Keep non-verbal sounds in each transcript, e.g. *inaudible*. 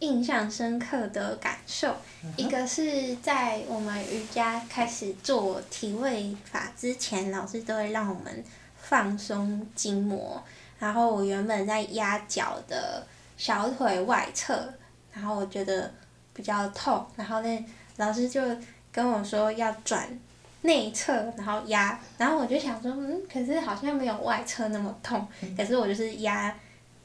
印象深刻的感受，一個是在我們瑜伽開始做體位法之前，老師都會讓我們放鬆筋膜。然後我原本在壓腳的小腿外側，然後我覺得比較痛。然後那老師就跟我說要轉內側，然後壓。然後我就想說，嗯，可是好像沒有外側那麼痛。可是我就是壓。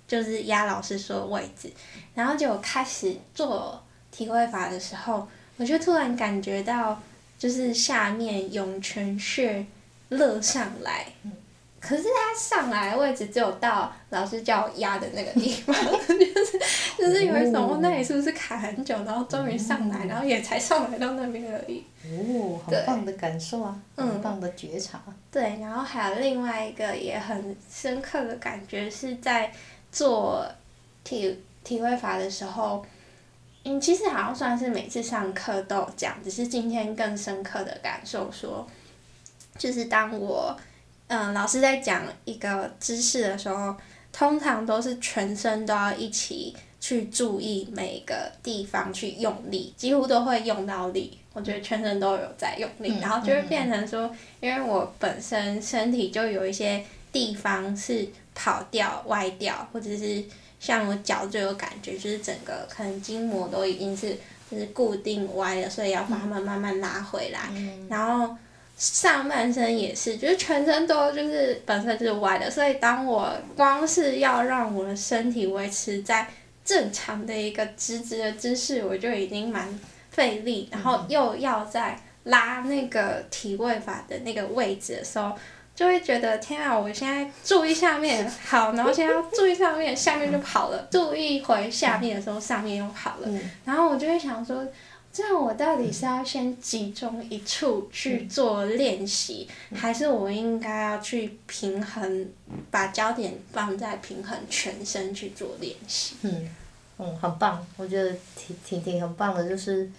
就是壓老師說的位置，然後就開始做體位法的時候，我就突然感覺到，就是下面湧泉穴，熱上來，嗯、可是它上來的位置只有到老師叫我壓的那個地方， *laughs* 就是就是有一種那裡是不是卡很久，然後終於上來，然後也才上來到那邊而已。哦，很棒的感受啊，對嗯、很棒的覺察。對，然後還有另外一個也很深刻的感覺是在。做體體會法的時候，嗯，其實好像算是每次上課都有講，只是今天更深刻的感受說，說就是當我嗯、呃、老師在講一個姿勢的時候，通常都是全身都要一起去注意每個地方去用力，幾乎都會用到力。我覺得全身都有在用力，嗯、然後就會變成說，嗯啊、因為我本身身體就有一些地方是。跑掉、歪掉，或者是像我腳最有感覺，就是整個可能筋膜都已經是就是固定歪了，所以要把它們慢慢、慢慢拉回來。嗯，然後上半身也是，就是全身都就是本身就是歪的，所以當我光是要讓我的身體維持在正常的一個直直的姿勢，我就已經蠻費力，然後又要再拉那個體位法的那個位置的時候。就會覺得天啊！我現在注意下面好，然後現在注意上面， *laughs* 下面就跑了。注意回下面的時候，嗯、上面又跑了。然後我就會想說，這樣我到底是要先集中一處去做練習，嗯、還是我應該要去平衡，把焦點放在平衡全身去做練習？嗯，嗯，很棒。我覺得挺挺挺很棒的，就是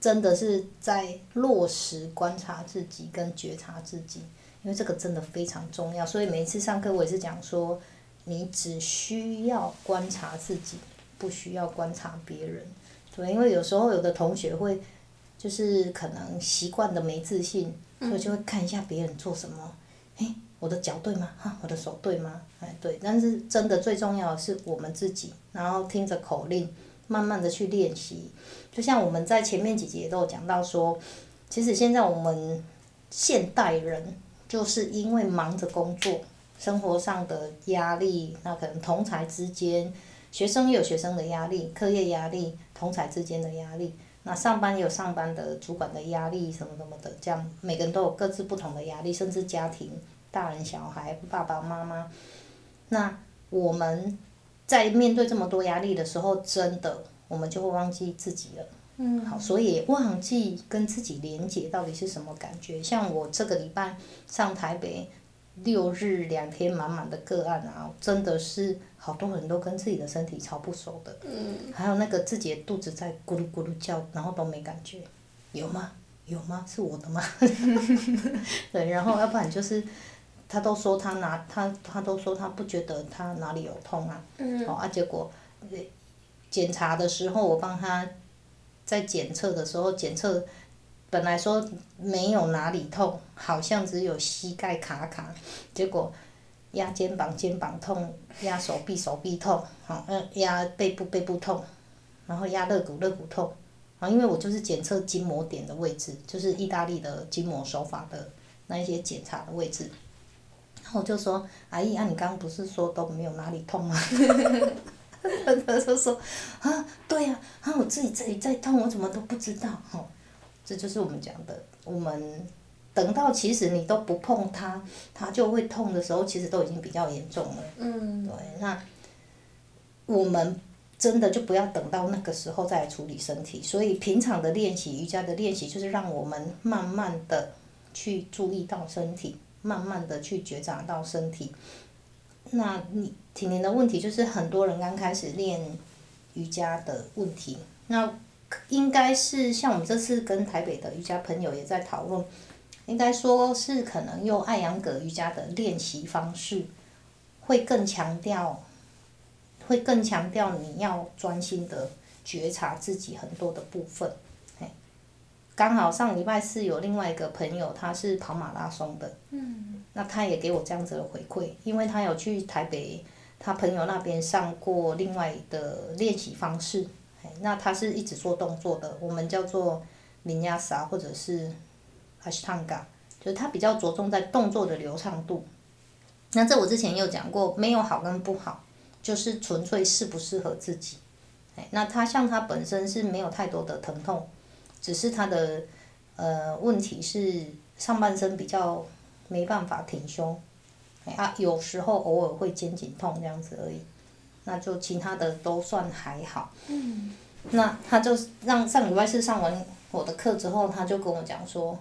真的是在落實觀察自己跟覺察自己。因為這個真的非常重要，所以每一次上課我也是講說，你只需要觀察自己，不需要觀察別人。對，因為有時候有的同學會，就是可能習慣的沒自信，所以就會看一下別人做什麼。誒、嗯，欸，我的腳對嗎？哈、啊，我的手對嗎？誒、哎，對。但是真的最重要的是我們自己，然後聽着口令，慢慢的去練習。就像我們在前面幾集也都有講到說，其實現在我們現代人。就是因為忙着工作，生活上的壓力，那可能同儕之間，學生也有學生的壓力，課業壓力，同儕之間的壓力，那上班有上班的主管的壓力，什麼什麼的，這樣每個人都有各自不同的壓力，甚至家庭，大人小孩，爸爸媽媽，那我們在面對這麼多壓力的時候，真的，我們就會忘記自己了。嗯，好，所以忘記跟自己連接到底是什麼感覺？像我這個禮拜上台北六日兩天滿滿的個案啊，真的是好多人都跟自己的身體超不熟的。嗯。還有那個自己的肚子在咕嚕咕嚕叫，然後都沒感覺，有嗎？有嗎？是我的嗎？ *laughs* *laughs* 對，然後要不然就是他都說他哪他他都說他不覺得他哪裡有痛啊。嗯。好啊，結果，檢查的時候我幫他。在檢測的時候，檢測本來說沒有哪裡痛，好像只有膝蓋卡卡，結果壓肩膀，肩膀痛，壓手臂，手臂痛，好，嗯，壓背部，背部痛，然後壓肋骨，肋骨痛，啊，因為我就是檢測筋膜點的位置，就是意大利的筋膜手法的那一些檢查的位置，然後我就說，哎呀，啊、你剛剛不是說都沒有哪裡痛嗎？ *laughs* 他 *laughs* 就說：“啊，對呀，啊，我自己這裡在痛，我怎麼都不知道。”哦吼，這就是我們講的，我們等到其實你都不碰它，它就會痛的時候，其實都已經比較嚴重了。嗯。對，那我們真的就不要等到那個時候再來處理身體。所以平常的練習，瑜伽的練習，就是讓我們慢慢的去注意到身體，慢慢的去覺察到身體。那你。體能的問題，就是很多人剛開始練瑜伽的問題。那應該是像我們這次跟台北的瑜伽朋友也在討論，應該說是可能用艾揚格瑜伽的練習方式會更強調，會更強調你要專心的覺察自己很多的部分。嘿，剛好上禮拜四有另外一個朋友，他是跑馬拉松的，嗯，那他也給我這樣子的回饋，因為他有去台北。他朋友那邊上過另外的練習方式，那他是一直做動作的，我們叫做，Vinyasa 或者是，Ashtanga 就是他比較着重在動作的流暢度。那這我之前也有講過，沒有好跟不好，就是純粹適不適合自己。那他像他本身是沒有太多的疼痛，只是他的呃問題是上半身比較沒辦法挺胸。啊，有時候偶爾會肩頸痛這樣子而已，那就其他的都算還好。嗯。那他就讓上禮拜四上完我的課之後，他就跟我講說，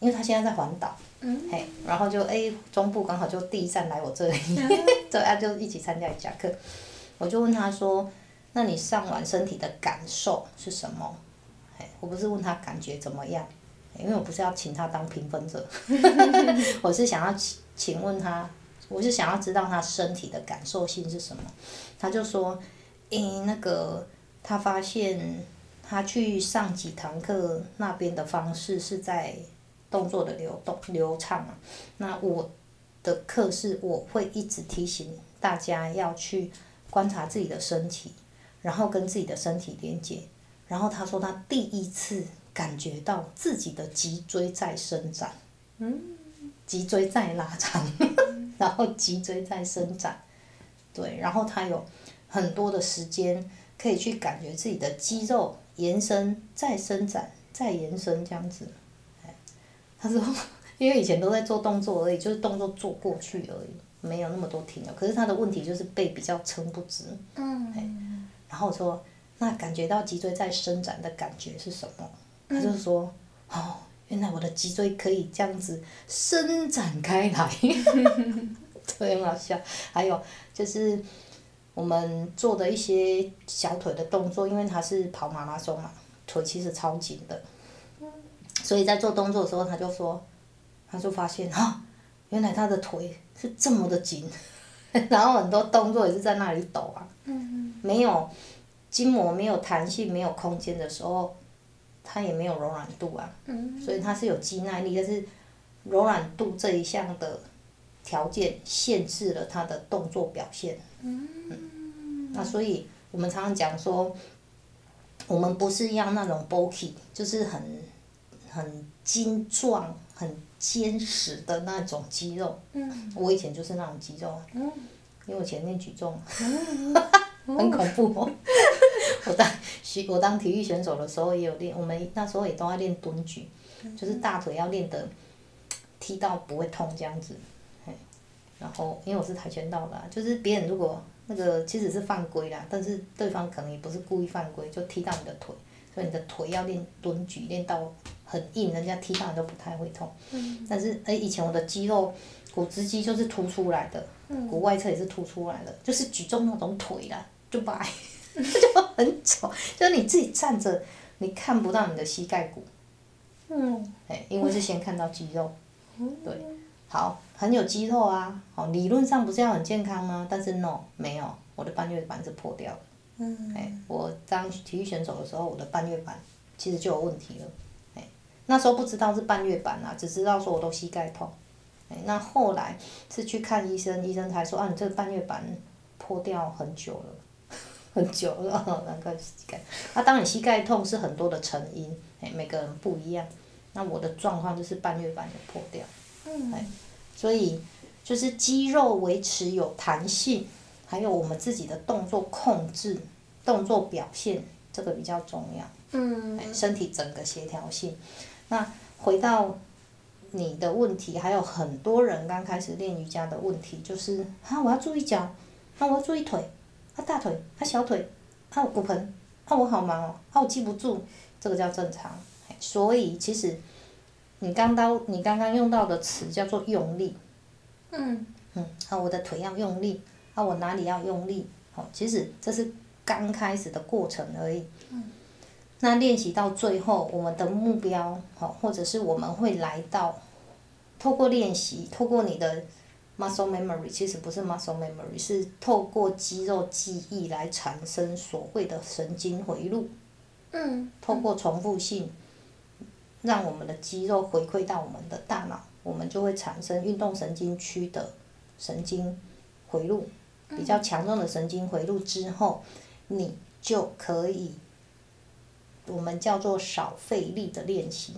因為他現在在環島。嗯。哎，然後就誒、欸，中部剛好就第一站來我這裡，所以、嗯 *laughs* 啊、就一起參加瑜伽課。我就問他說，那你上完身體的感受是什麼？哎，我不是問他感覺怎麼樣，因為我不是要請他當評分者。哈哈哈哈，我是想要請。請問他，我是想要知道他身體的感受性是什麼。他就說，哎、欸，那個他發現他去上幾堂課那邊的方式是在動作的流動流暢啊。那我的課是我會一直提醒大家要去觀察自己的身體，然後跟自己的身體連接。然後他說他第一次感覺到自己的脊椎在生長。嗯。脊椎在拉長， *laughs* 然後脊椎在伸展，對，然後他有很多的時間可以去感覺自己的肌肉延伸、再伸展、再延伸這樣子。他說，因為以前都在做動作而已，就是動作做過去而已，嗯、沒有那麼多停留。可是他的問題就是背比較撐不直。嗯。然後說，那感覺到脊椎在伸展的感覺是什麼？他就說，嗯、哦。原來我的脊椎可以這樣子伸展開來，特別好笑，啊。還有就是我們做的一些小腿的動作，因為他是跑馬拉松嘛，啊，腿其實超緊的。所以在做動作的時候，他就說，他就發現哈，啊，原來他的腿是這麼的緊，然後很多動作也是在那裡抖啊。沒有筋膜，沒有彈性，沒有空間的時候。它也沒有柔軟度啊，所以它是有肌耐力，但是柔軟度這一項的條件限制了它的動作表現。嗯、那所以我們常常講說，我們不是要那種 bulky，就是很很精壯、很堅實的那種肌肉。嗯、我以前就是那種肌肉，因為我前面舉重。嗯 *laughs* 哦、很恐怖哦！ *laughs* *laughs* 我當體我當體育選手的時候也有練，我們那時候也都要練蹲舉，嗯、就是大腿要練得踢到不會痛這樣子。然後因為我是跆拳道的、啊，就是別人如果那個其實是犯規啦，但是對方可能也不是故意犯規，就踢到你的腿，所以你的腿要練蹲舉，練到很硬，人家踢到你都不太會痛。嗯、但是誒、欸，以前我的肌肉、股直肌就是凸出來的，股外側也是凸出來的，嗯、就是舉重那種腿啦。就白， *laughs* 就很醜，就是你自己站着，你看不到你的膝蓋骨，嗯，誒、欸，因為是先看到肌肉，嗯、對，好，很有肌肉啊，哦，理論上不是要很健康嗎？但是 no 沒有，我的半月板是破掉了，嗯、欸，我當體育選手的時候，我的半月板其實就有問題了，誒、欸，那時候不知道是半月板啊，只知道說我都膝蓋痛，誒、欸，那後來是去看醫生，醫生才說啊，你這個半月板破掉很久了。很久了，難怪膝蓋。那當你膝蓋痛，是很多的成因，哎，每個人不一樣。那我的狀況就是半月板有破掉，嗯，哎，所以就是肌肉維持有彈性，還有我們自己的動作控制、動作表現，這個比較重要。嗯，哎，身體整個協調性。那回到你的問題，還有很多人剛開始練瑜伽的問題，就是啊，我要注意腳，那我要注意腿。他、啊、大腿，他、啊、小腿，啊，骨盆，啊，我好忙哦，啊，我記不住，這個叫正常。所以其實，你剛到，你剛剛用到的詞叫做用力。嗯。嗯，啊，我的腿要用力，啊，我哪裡要用力？好、哦，其實這是剛開始的過程而已。嗯。那練習到最後，我們的目標，好、哦，或者是我們會來到，透過練習，透過你的。muscle memory 其實不是 muscle memory，是透過肌肉記憶來產生所謂的神經迴路。嗯嗯、透過重複性，讓我們的肌肉回饋到我們的大腦，我們就會產生運動神經區的神經迴路，比較強壯的神經迴路之後，你就可以，我們叫做少費力的練習。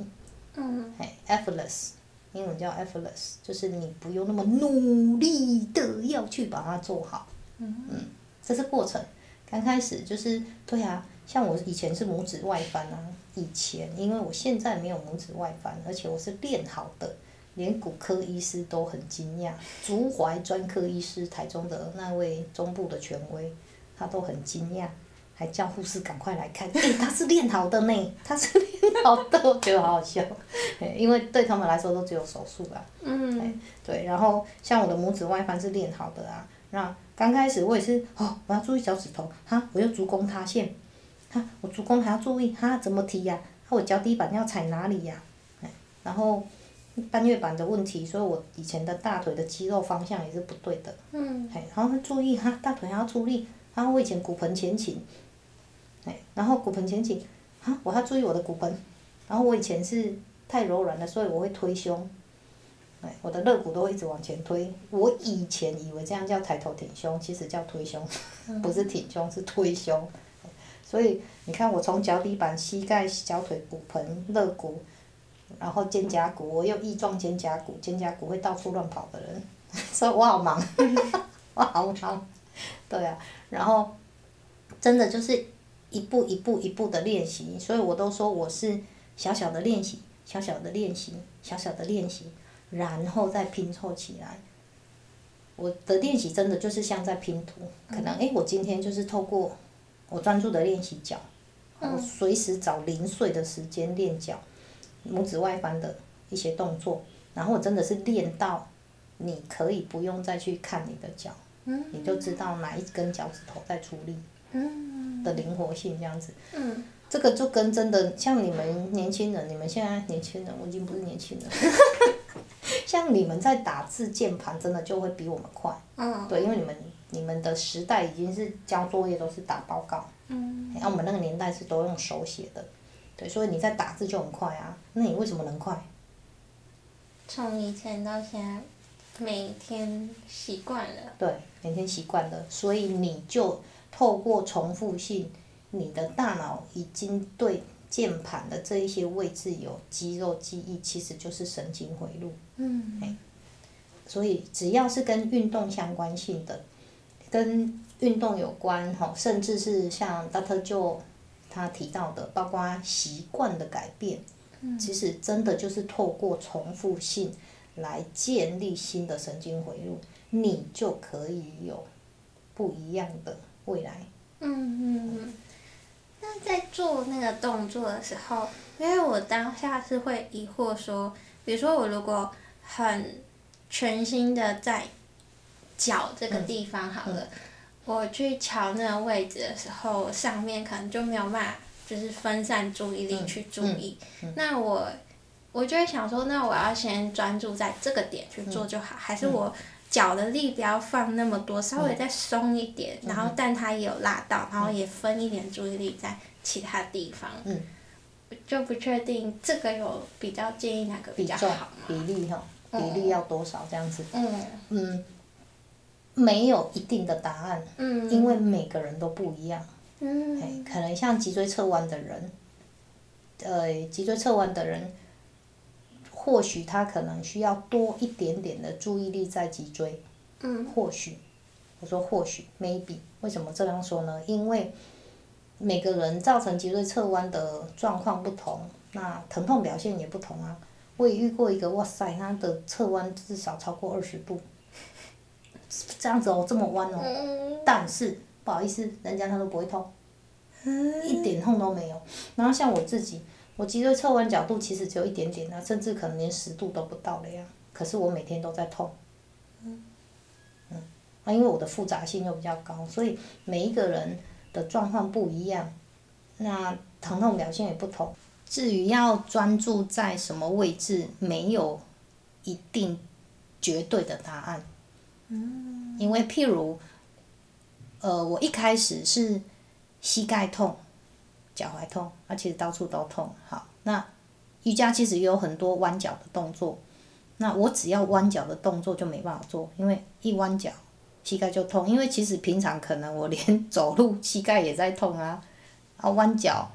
嗯、嗯、哎，effortless。英文叫 effortless，就是你不用那麼努力的要去把它做好。嗯，這是過程。剛開始就是對啊，像我以前是拇指外翻啊，以前因為我現在沒有拇指外翻，而且我是練好的，連骨科醫師都很驚訝，足踝專科醫師台中的那位中部的權威，他都很驚訝。還叫護士趕快來看，欸、他是練好的呢，他是練好的， *laughs* 我覺得好好笑，因為對他們來說都只有手術啊。嗯，對，然後像我的拇指外翻是練好的啊，那剛開始我也是，哦，我要注意腳趾頭，哈，我又足弓塌陷，哈，我足弓還要注意，哈，怎麼踢呀、啊啊？我腳底板要踩哪裡呀、啊嗯？然後半月板的問題，所以我以前的大腿的肌肉方向也是不對的。嗯，然後注意哈，大腿還要出力。然、啊、後我以前骨盆前傾。哎，然後骨盆前傾，啊，我要注意我的骨盆。然後我以前是太柔軟了，所以我會推胸。哎，我的肋骨都會一直往前推。我以前以為這樣叫抬頭挺胸，其實叫推胸，不是挺胸，是推胸。所以你看，我從腳底板、膝蓋、小腿、骨盆、肋骨，然後肩胛骨，我又翼狀肩胛骨，肩胛骨會到處亂跑的人，所以我好忙， *laughs* 我好忙。對啊，然後真的就是。一步一步一步的練習，所以我都說我是小小的練習，小小的練習，小小的練習，然後再拼湊起來。我的練習真的就是像在拼圖，可能誒、欸,我今天就是透過我專注的練習腳，我隨時找零碎的時間練腳，拇指外翻的一些動作,然後我真的是練到你可以不用再去看你的腳，你就知道哪一根腳趾頭在出力，的靈活性這樣子，嗯，這個就跟真的像你們年輕人，嗯、你們現在年輕人，我已經不是年輕人。 *laughs* *laughs* 像你們在打字鍵盤，真的就會比我們快。嗯、哦，對，因為你們你們的時代已經是交作業都是打報告。嗯。後、啊、我們那個年代是都用手寫的，對，所以你在打字就很快啊。那你為什麼能快？從以前到現在，每天習慣了。對，每天習慣了，所以你就。透過重複性，你的大腦已經對鍵盤的這一些位置有肌肉記憶，其實就是神經回路。嗯。哎，所以只要是跟運動相關性的，跟運動有關哈，甚至是像 Dr. Joe 他提到的，包括習慣的改變，其實真的就是透過重複性來建立新的神經回路，你就可以有不一樣的。未來，嗯嗯嗯，那在做那個動作的時候，因為我當下是會疑惑說，比如說我如果很全心的在腳這個地方好了，嗯嗯、我去瞧那個位置的時候，上面可能就沒有辦法，就是分散注意力去注意。嗯嗯嗯、那我，我就會想說，那我要先專注在這個點去做就好，嗯嗯、還是我？腳的力不要放那麼多，稍微再鬆一點，嗯、然後但它也有拉到，嗯、然後也分一點注意力在其他地方。嗯。我就不確定這個有比較建議哪個比較好嗎？比重比例哈，比例要多少、嗯、這樣子？嗯。嗯。沒有一定的答案。嗯。因為每個人都不一樣。嗯。可能像脊椎側彎的人。呃，脊椎側彎的人。或許他可能需要多一點點的注意力在脊椎，嗯，或許，我說或許，maybe，為什麼這樣說呢？因為每個人造成脊椎側彎的狀況不同，那疼痛表現也不同啊。我也遇過一個，哇塞，他的側彎至少超過二十度，這樣子哦、喔，這麼彎哦、喔，嗯、但是不好意思，人家他都不會痛，嗯、一點痛都沒有。然後像我自己。我脊椎側彎角度其實只有一點點那，啊，甚至可能連十度都不到了呀，可是我每天都在痛。嗯。嗯，那因為我的複雜性又比較高，所以每一個人的狀況不一樣，那疼痛表現也不同。至於要專注在什麼位置，沒有一定絕對的答案。嗯。因為譬如，呃，我一開始是膝蓋痛。腳踝痛，而且、啊、其實到處都痛。好，那瑜伽其實也有很多彎腳的動作，那我只要彎腳的動作就沒辦法做，因為一彎腳膝蓋就痛。因為其實平常可能我連走路膝蓋也在痛啊，啊彎腳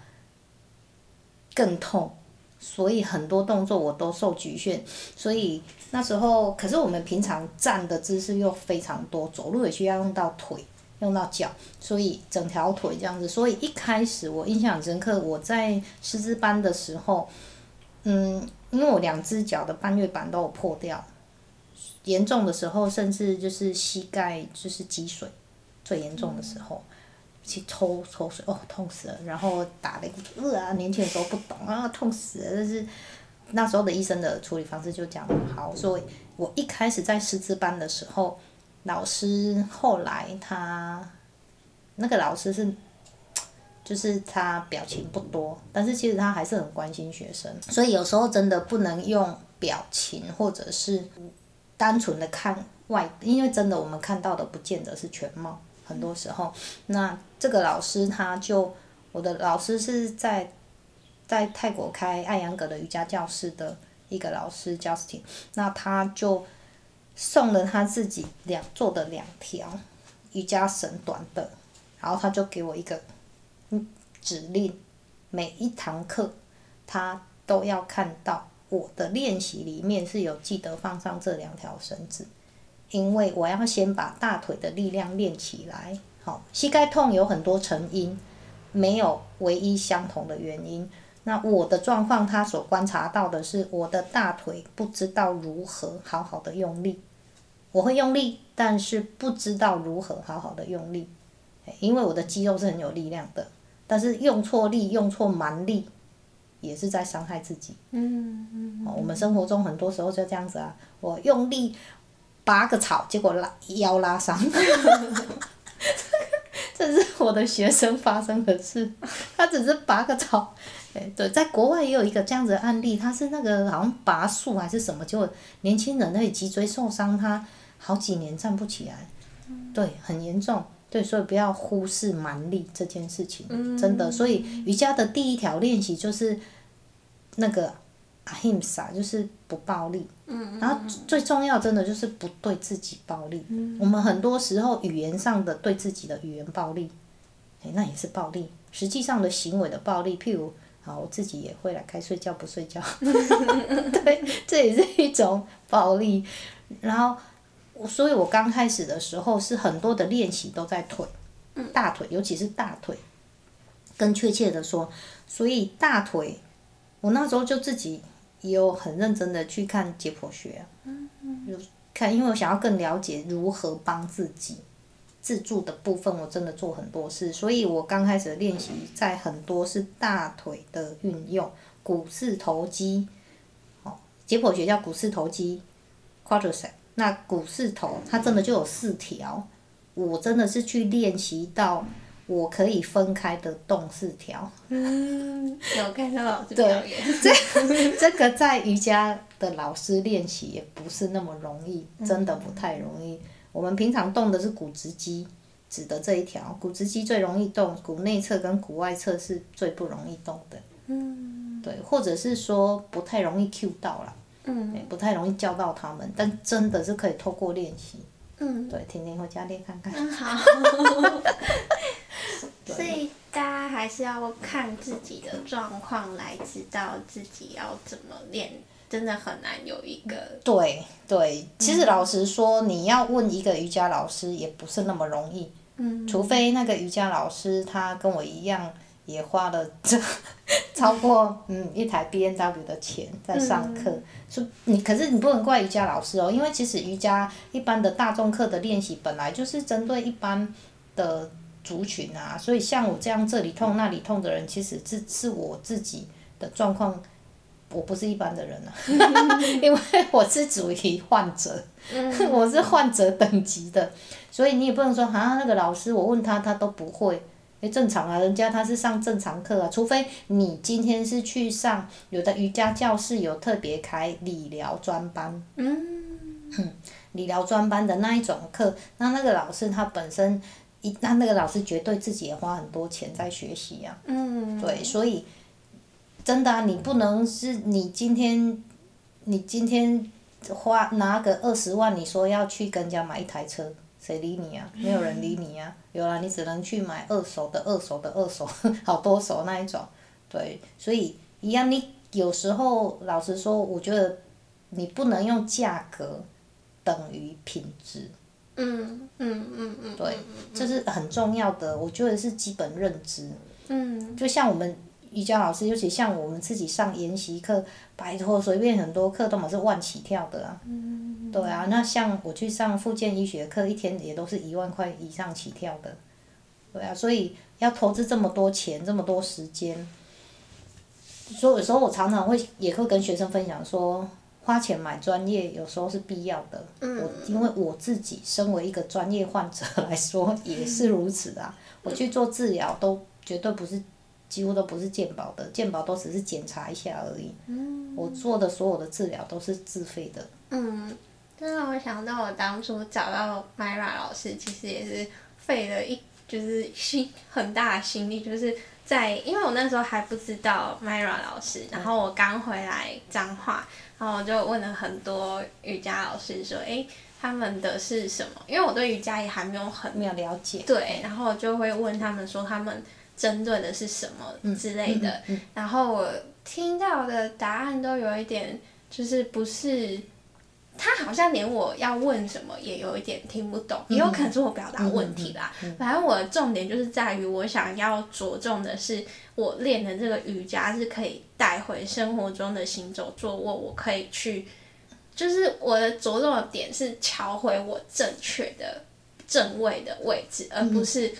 更痛，所以很多動作我都受局限。所以那時候，可是我們平常站的姿勢又非常多，走路也需要用到腿。用到腳，所以整條腿這樣子。所以一開始我印象深刻，我在師資班的時候，嗯，因為我兩隻腳的半月板都有破掉，嚴重的時候甚至就是膝蓋就是積水，最嚴重的時候去、嗯、抽抽水，哦，痛死了！然後打了一個，呃、啊，年輕的時候不懂啊，痛死了！但是那時候的醫生的處理方式就講好，所以我一開始在師資班的時候。老師後來他，他那個老師是，就是他表情不多，但是其實他還是很關心學生。所以有時候真的不能用表情或者是單純的看外，因為真的我們看到的不見得是全貌。很多時候，那這個老師他就，我的老師是在在泰國開艾揚格的瑜伽教室的一個老師 Justin，那他就。送了他自己兩做的兩條瑜伽繩短的，然後他就給我一個指令，每一堂課他都要看到我的練習裡面是有記得放上這兩條繩子，因為我要先把大腿的力量練起來。好，膝蓋痛有很多成因，沒有唯一相同的原因。那我的狀況，他所觀察到的是我的大腿不知道如何好好的用力。我會用力，但是不知道如何好好的用力，因為我的肌肉是很有力量的，但是用錯力，用錯蠻力也是在傷害自己。嗯，嗯。哦，我們生活中很多時候就這樣子啊，我用力拔個草，結果拉腰拉傷。 *laughs* *laughs* *laughs* 這是我的學生發生的事，他只是拔個草。對，在國外也有一個這樣子的案例，他是那個好像拔樹還是什麼，就年輕人那脊椎受傷，他好幾年站不起來，對，很嚴重。對，所以不要忽視蠻力這件事情，真的。所以瑜伽的第一條練習就是那個阿 himsa，就是不暴力。然後最重要，真的就是不對自己暴力。我們很多時候語言上的對自己的語言暴力，欸，那也是暴力。實際上的行為的暴力，譬如。好，我自己也會了，該睡覺不睡覺， *laughs* 對，這也是一種暴力。然後，我所以，我剛開始的時候是很多的練習都在腿，大腿，尤其是大腿。更確切的說，所以大腿，我那時候就自己也有很認真的去看解剖學，嗯，看，因為我想要更了解如何幫自己。自助的部分我真的做很多事，所以我剛開始練習，在很多是大腿的運用，股四頭肌，哦，解剖學叫股四頭肌 quadriceps，那股四頭它真的就有四條，我真的是去練習到我可以分開的動四條。嗯，有看到老師表演。對，這這個在瑜伽的老師練習也不是那麼容易，真的不太容易。我們平常動的是股直肌，指的這一條。股直肌最容易動，股內側跟股外側是最不容易動的。嗯，對，或者是說不太容易 cue 到啦，嗯，不太容易叫到他們，但真的是可以透過練習，嗯，對，天天回家練看看。嗯，好 *laughs* *laughs* 對。所以大家還是要看自己的狀況來知道自己要怎麼練。真的很難有一個對。對，其實老實說，你要問一個瑜伽老師也不是那麼容易，嗯，除非那個瑜伽老師他跟我一樣，也花了這超過嗯一台 B N W 的錢在上課，說你、嗯、可是你不能怪瑜伽老師哦、喔，因為其實瑜伽一般的大眾課的練習本來就是針對一般的族群啊，所以像我這樣這裡痛那裡痛的人，其實是是我自己的狀況。我不是一般的人了、啊， *laughs* 因為我是屬於患者，嗯、 *laughs* 我是患者等級的，所以你也不能說哈、啊、那個老師我問他，他都不會，欸、正常啊，人家他是上正常課啊，除非你今天是去上有的瑜伽教室有特別開理療專班，嗯， *laughs* 理療專班的那一種課，那那個老師他本身一，那那個老師絕對自己也花很多錢在學習呀、啊，嗯，對，所以。真的啊！你不能是，你今天，你今天花拿個二十萬，你說要去跟人家買一台車，誰理你啊？沒有人理你啊！有啦，你只能去買二手的，二手的，二手好多手那一種。對，所以一樣，你有時候老實說，我覺得你不能用價格等於品質。嗯嗯嗯嗯。對，這是很重要的，我覺得是基本認知。嗯。就像我們。瑜伽老師，尤其像我們自己上研習課，拜托隨便很多課都嘛是萬起跳的啊。對啊，那像我去上復健醫學課，一天也都是一萬塊以上起跳的。對啊，所以要投資這麼多錢，這麼多時間。所以有時候我常常會也會跟學生分享說，花錢買專業有時候是必要的。我因為我自己身為一個專業患者來說也是如此啊，我去做治療都絕對不是。幾乎都不是健保的，健保都只是檢查一下而已。嗯、我做的所有的治療都是自費的。嗯，這讓我想到，我當初找到 Myra 老師，其實也是費了一，就是心很大的心力，就是在因為我那時候還不知道 Myra 老師，然後我剛回來彰化，然後我就問了很多瑜伽老師說，誒、欸、他們的是什麼？因為我對瑜伽也還沒有很沒有了解。對，然後我就會問他們說他們，針對的是什麼之類的，嗯嗯嗯、然後我聽到的答案都有一點，就是不是，他好像連我要問什麼也有一點聽不懂，嗯、也有可能是我表達問題吧。嗯嗯嗯嗯、反正我的重點就是在於，我想要着重的是，我練的這個瑜伽是可以帶回生活中的行走、坐臥，我可以去，就是我的着重的點是調回我正確的正位的位置，而不是。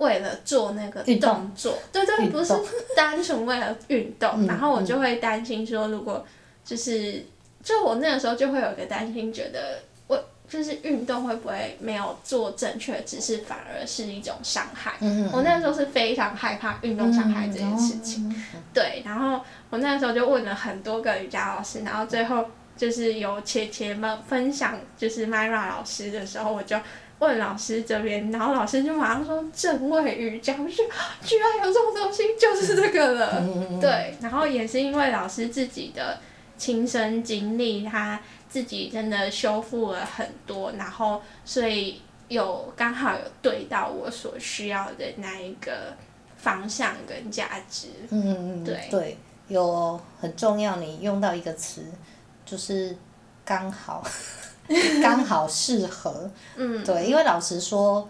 為了做那個動作，對動對，對不是單純為了運動。嗯嗯、然後我就會擔心說，如果就是就我那個時候就會有一個擔心，覺得我就是運動會不會沒有做正確姿勢，反而是一種傷害。嗯嗯、我那個時候是非常害怕運動傷害這件事情，嗯嗯嗯、對。然後我那時候就問了很多個瑜伽老師，然後最後就是有姐姐們分享，就是 Myra 老師的時候，我就。問老師這邊，然後老師就馬上說正位瑜珈，居然有這種東西，就是這個了。嗯、對，然後也是因為老師自己的親身經歷，他自己真的修復了很多，然後所以有剛好有對到我所需要的那一個方向跟價值。嗯嗯嗯，對，有很重要，你用到一個詞，就是剛好。剛 *laughs* 好適合。嗯，對，因為老實說，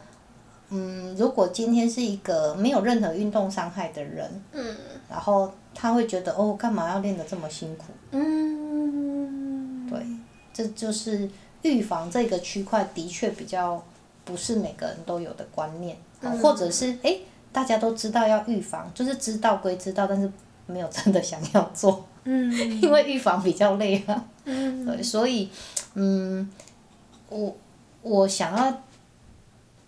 嗯，如果今天是一個沒有任何運動傷害的人，嗯，然後他會覺得哦，幹嘛要練得這麼辛苦？嗯，對，這就是預防這個區塊的確比較不是每個人都有的觀念，或者是哎、欸，大家都知道要預防，就是知道歸知道，但是沒有真的想要做。嗯，因為預防比較累啊，嗯，所以，嗯，我我想要，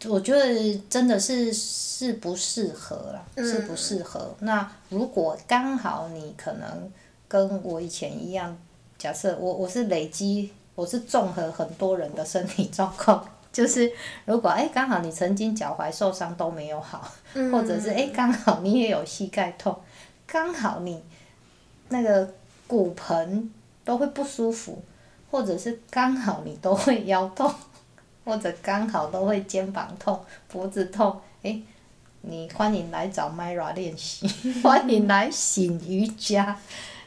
我覺得真的是適不適合啦，嗯，適不適合。那如果剛好你可能跟我以前一樣，假設我我是累積，我是綜合很多人的身體狀況，就是如果哎、欸、剛好你曾經腳踝受傷都沒有好，或者是哎、欸、剛好你也有膝蓋痛，剛好你。那個骨盆都會不舒服，或者是剛好你都會腰痛，或者剛好都會肩膀痛、脖子痛。誒、欸，你歡迎來找 Myra 練習，嗯、 *laughs* 歡迎來醒瑜伽，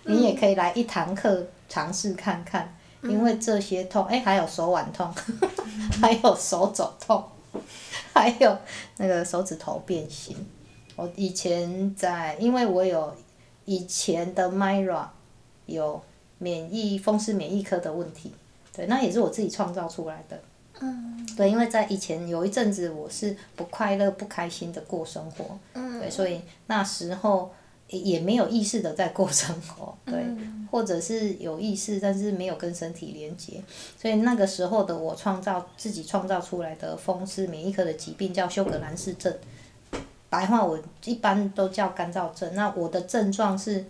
嗯、你也可以來一堂課嘗試看看。因為這些痛，誒、欸，還有手腕痛， *laughs* 還有手肘痛，還有那個手指頭變形。我以前在，因為我有。以前的 Myra 有免疫風濕免疫科的問題，對，那也是我自己創造出來的。嗯，對，因為在以前有一陣子我是不快樂、不開心的過生活，嗯，對，所以那時候也沒有意識的在過生活，對，嗯、或者是有意識，但是沒有跟身體連接，所以那個時候的我創造自己創造出來的風濕免疫科的疾病叫修格蘭氏症。白話我一般都叫乾燥症，那我的症狀是，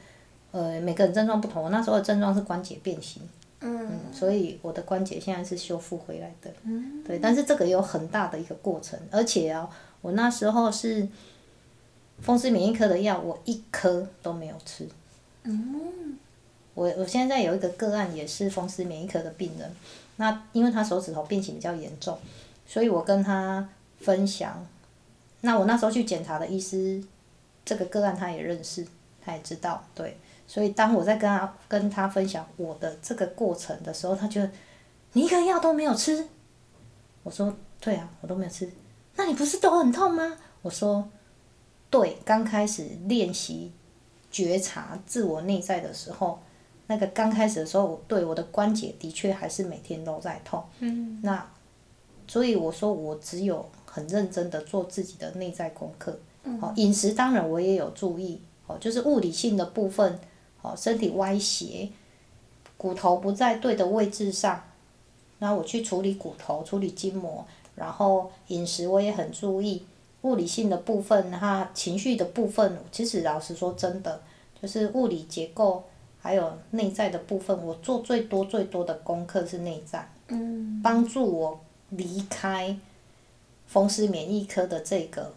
呃，每個人症狀不同。我那時候的症狀是關節變形，嗯，嗯，所以我的關節現在是修復回來的，嗯，對。但是這個有很大的一個過程，而且啊，我那時候是風濕免疫科的藥，我一顆都沒有吃。嗯，我我現在有一個個案也是風濕免疫科的病人，那因為他手指頭變形比較嚴重，所以我跟他分享。那我那時候去檢查的醫師，這個個案他也認識，他也知道，對。所以當我在跟他跟他分享我的這個過程的時候，他覺得你一個藥都沒有吃。我說：對啊，我都沒有吃。那你不是都很痛嗎？我說：對，剛開始練習覺察自我內在的時候，那個剛開始的時候，我對我的關節的確還是每天都在痛。嗯。那所以我說我只有。很認真的做自己的內在功課，好，嗯，飲食當然我也有注意，哦，就是物理性的部分，好，身體歪斜，骨頭不在對的位置上，那我去處理骨頭，處理筋膜，然後飲食我也很注意，物理性的部分，它情緒的部分，其實老實說真的，就是物理結構還有內在的部分，我做最多最多的功課是內在，嗯，幫助我離開。風濕免疫科的這個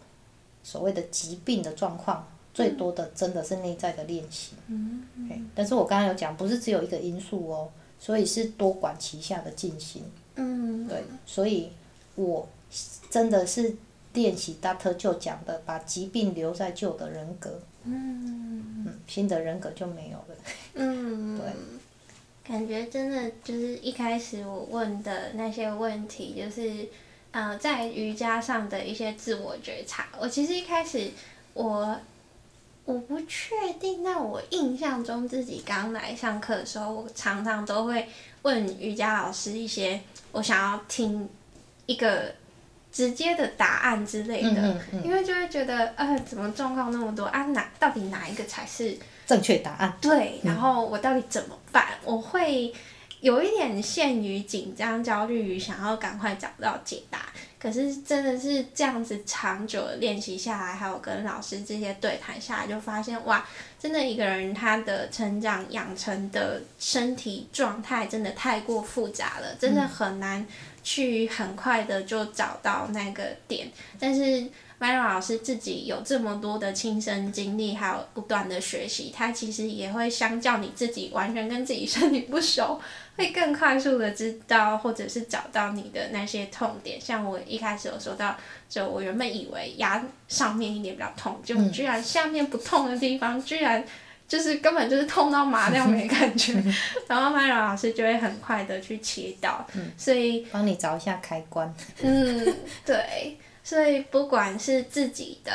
所謂的疾病的狀況，最多的真的是內在的練習。嗯，嗯，嗯，但是我剛剛有講，不是只有一個因素哦，所以是多管齊下的進行。嗯。對，所以，我真的是練習大特就講的，把疾病留在舊的人格。嗯。嗯，新的人格就沒有了。嗯。對。感覺真的就是一開始我問的那些問題，就是。呃，在瑜伽上的一些自我覺察，我其實一開始我，我我不確定。那我印象中自己剛來上課的時候，我常常都會問瑜伽老師一些我想要聽一個直接的答案之類的，嗯嗯嗯、因為就會覺得，呃，怎麼狀況那麼多啊哪？哪到底哪一個才是正確答案？對，然後我到底怎麼辦？嗯、我會，有一點陷於緊張、焦慮與想要趕快找到解答，可是真的是這樣子長久的練習下來，還有跟老師這些對談下來，就發現哇，真的一個人他的成長養成的身體狀態真的太過複雜了，嗯、真的很難去很快的就找到那個點。但是 Myra 老師自己有這麼多的親身經歷，還有不斷的學習，他其實也會相較你自己完全跟自己身體不熟，會更快速的知道或者是找到你的那些痛點，像我一開始有說到，就我原本以為壓上面一點比較痛，就居然下面不痛的地方，嗯、居然就是根本就是痛到麻掉沒感覺， *laughs* 然後 Myra 老師就會很快的去切到，嗯、所以幫你找一下開關。 *laughs* 嗯，對，所以不管是自己的。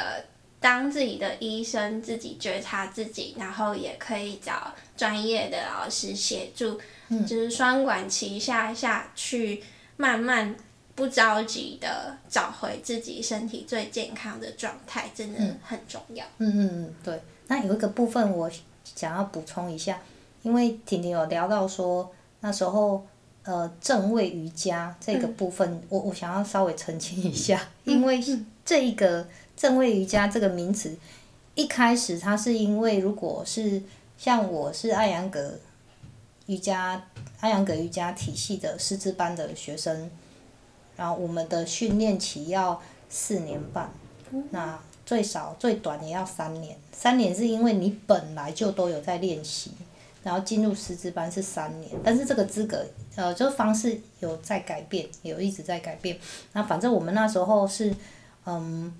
當自己的醫生，自己覺察自己，然後也可以找專業的老師協助，嗯、就是雙管齊下下去，慢慢不着急的找回自己身體最健康的狀態，真的很重要。嗯嗯嗯，對。那有一個部分我想要補充一下，因為婷婷有聊到說那時候呃正位瑜伽這個部分，嗯、我我想要稍微澄清一下，嗯、因為這一個。嗯正位瑜伽這個名詞，一開始它是因為如果是像我是艾揚格瑜伽，艾揚格瑜伽體系的師資班的學生，然後我們的訓練期要四年半，那最少最短也要三年。三年是因為你本來就都有在練習，然後進入師資班是三年，但是這個資格呃，這個方式有在改變，有一直在改變。那反正我們那時候是嗯。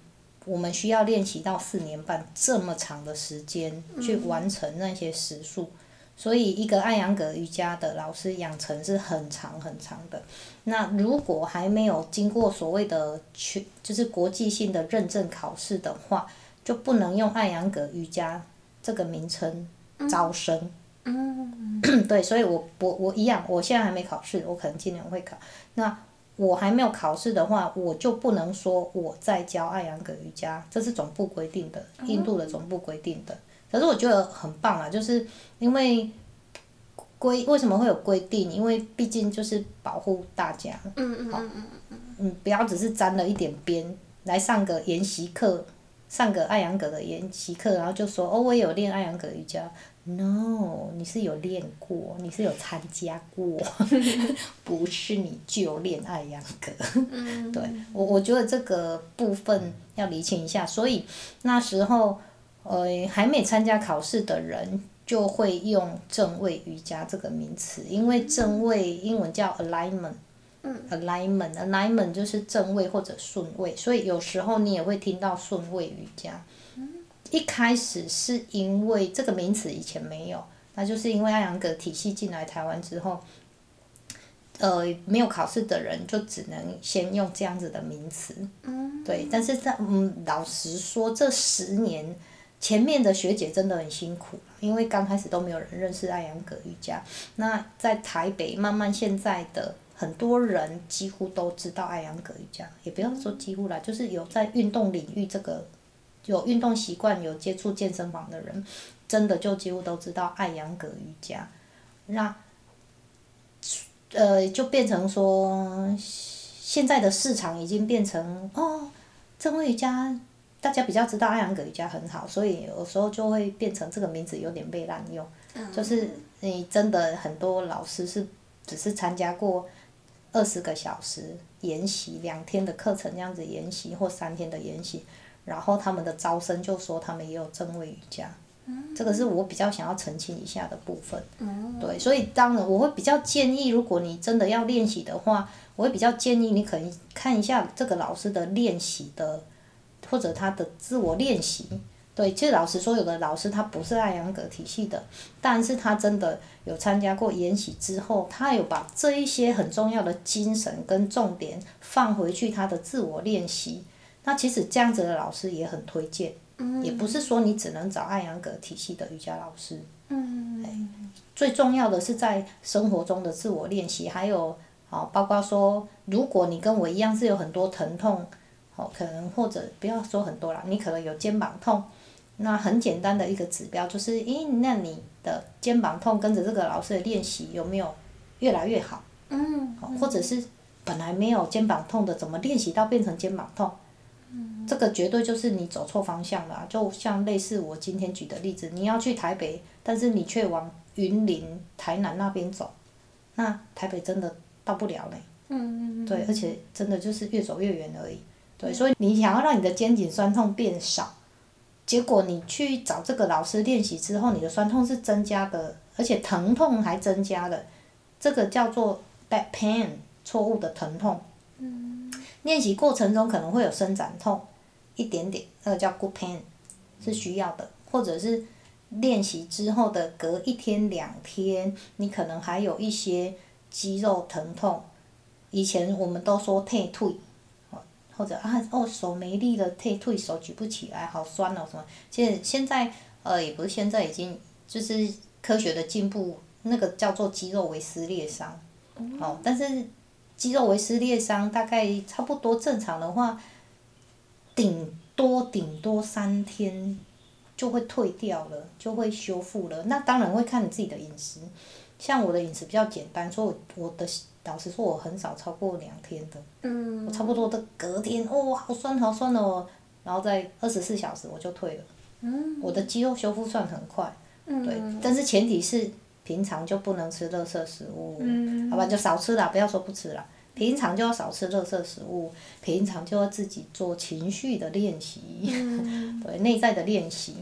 我們需要練習到四年半這麼長的時間去完成那些時數，嗯，所以一個艾揚格瑜伽的老師養成是很長很長的。那如果還沒有經過所謂的去就是國際性的認證考試的話，就不能用艾揚格瑜伽這個名稱招生。嗯，嗯， *coughs* 對，所以我，我我我一樣，我現在還沒考試，我可能今年會考。那我還沒有考試的話，我就不能說我在教愛揚格瑜伽，這是總部規定的，印度的總部規定的。哦、可是我覺得很棒啊，就是因為規為什麼會有規定？因為畢竟就是保護大家，好，嗯，嗯，嗯，嗯，不要只是沾了一點邊來上個研習課，上個愛揚格的研習課，然後就說，哦，我也有練愛揚格瑜伽。No，你是有練過，你是有參加過， *laughs* 不是你就練艾揚格。嗯、對，我我覺得這個部分要理清一下，所以那時候呃還沒參加考試的人就會用正位瑜伽這個名詞，因為正位英文叫 alignment，嗯、alignment、alignment 就是正位或者順位，所以有時候你也會聽到順位瑜伽。嗯一開始是因為這個名詞以前沒有，那就是因為艾揚格體系進來台灣之後，呃，沒有考試的人就只能先用這樣子的名詞。嗯，對。但是在，嗯，老實說，這十年前面的學姐真的很辛苦，因為剛開始都沒有人認識艾揚格瑜伽。那在台北，慢慢現在的很多人幾乎都知道艾揚格瑜伽，也不要說幾乎啦，就是有在運動領域這個。有運動習慣、有接觸健身房的人，真的就幾乎都知道艾揚格瑜伽。那，呃，就變成說，現在的市場已經變成哦，正位瑜伽，大家比較知道艾揚格瑜伽很好，所以有時候就會變成這個名字有點被濫用。嗯。就是你真的很多老師是只是參加過二十個小時研習、兩天的課程這樣子研習，或三天的研習。然後他們的招生就說他們也有正位瑜伽，這個是我比較想要澄清一下的部分。對，所以當然我會比較建議，如果你真的要練習的話，我會比較建議你可能看一下這個老師的練習的，或者他的自我練習。對，其實老實說，有的老師他不是艾揚格體系的，但是他真的有參加過研習之後，他有把這一些很重要的精神跟重點放回去他的自我練習。那其實這樣子的老師也很推薦，嗯嗯也不是說你只能找艾揚格體系的瑜伽老師。嗯，嗯，嗯，最重要的是在生活中的自我練習，還有，好、哦，包括說，如果你跟我一樣是有很多疼痛，哦、可能或者不要說很多啦，你可能有肩膀痛，那很簡單的一個指標就是，咦、欸，那你的肩膀痛跟着這個老師的練習有沒有越來越好？嗯，嗯，或者是本來沒有肩膀痛的，怎麼練習到變成肩膀痛？這個絕對就是你走錯方向了啊，就像類似我今天舉的例子，你要去台北，但是你卻往雲林、台南那邊走，那台北真的到不了嘞。嗯嗯嗯。對，而且真的就是越走越遠而已。對，所以你想要讓你的肩頸痠痛變少，結果你去找這個老師練習之後，你的痠痛是增加的，而且疼痛還增加的，這個叫做 bad pain，錯誤的疼痛。練習過程中可能會有伸展痛，一點點，那個叫 good pain，是需要的，或者是練習之後的隔一天兩天，你可能還有一些肌肉疼痛。以前我們都說鐵腿，或者啊哦，手沒力了，鐵腿，手舉不起來，好酸哦什麼。現現在呃也不是現在，已經就是科學的進步，那個叫做肌肉微撕裂傷，哦，但是。肌肉微撕裂傷大概差不多正常的話，頂多頂多三天就會退掉了，就會修復了。那當然會看你自己的飲食，像我的飲食比較簡單，所以我的，我的老實說，我很少超過兩天的。嗯。我差不多都隔天，哦，好酸好酸哦，然後在二十四小時我就退了。嗯。我的肌肉修復算很快。嗯。對，但是前提是。平常就不能吃垃圾食物，嗯、好吧，就少吃啦。不要說不吃啦，平常就要少吃垃圾食物，平常就要自己做情緒的練習，嗯、 *laughs* 對內在的練習。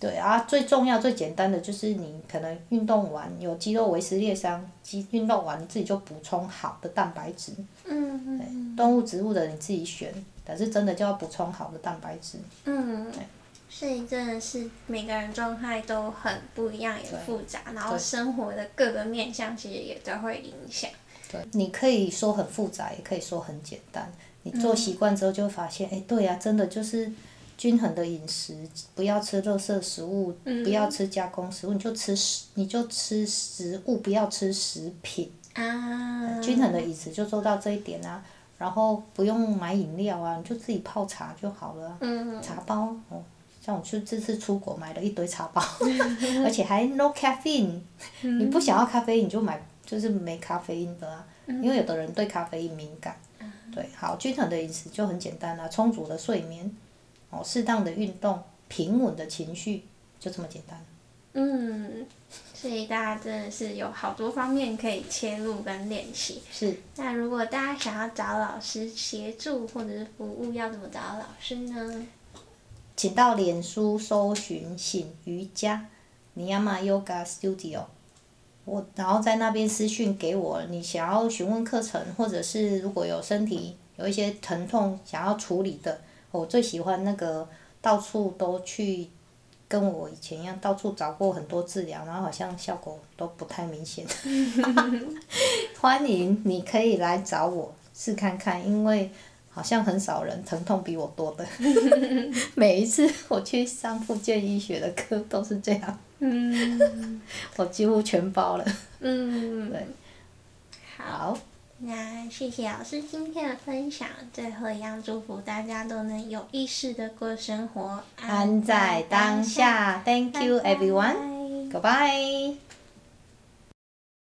對啊，最重要、最簡單的就是你可能運動完有肌肉微撕裂傷，肌運動完你自己就補充好的蛋白質。嗯，對。動物植物的你自己選，但是真的就要補充好的蛋白質。嗯。對所以真的是每個人狀態都很不一樣，對也複雜。然後生活的各個面向對其實也都會影響。對，你可以說很複雜，也可以說很簡單。你做習慣之後就會發現，哎、嗯欸，對呀、啊，真的就是均衡的飲食，不要吃垃圾食物，不要吃加工食物，嗯、你就吃食，你就吃食物，不要吃食品。啊，均衡的飲食就做到這一點啊，然後不用買飲料啊，你就自己泡茶就好了。嗯，茶包，哦、嗯。但我去這次出國買了一堆茶包， *laughs* 而且還 no caffeine， *laughs* 你不想要咖啡，你就買就是沒咖啡因的啊。 *laughs* 因為有的人對咖啡因敏感。 *laughs* 對，好，均衡的飲食就很簡單啦，啊，充足的睡眠，哦，適當的運動，平穩的情緒，就這麼簡單。嗯，所以大家真的是有好多方面可以切入跟練習。是。那如果大家想要找老師協助或者是服務，要怎麼找老師呢？請到臉書搜尋醒瑜伽 Niyama Yoga Studio。我然後在那邊私訊給我，你想要詢問課程，或者是如果有身體有一些疼痛想要處理的，我最喜歡那個到處都去，跟我以前一樣到處找過很多治療，然後好像效果都不太明顯。 *laughs* 歡迎你可以來找我試看看，因為。好像很少人疼痛比我多的， *laughs* 每一次我去上復健醫學的課都是這樣， *laughs* 我幾乎全包了。嗯 *laughs* 對。好，那謝謝老師今天的分享。最後一樣祝福大家都能有意識的過生活，安在，安在當下。Thank you, everyone. Goodbye.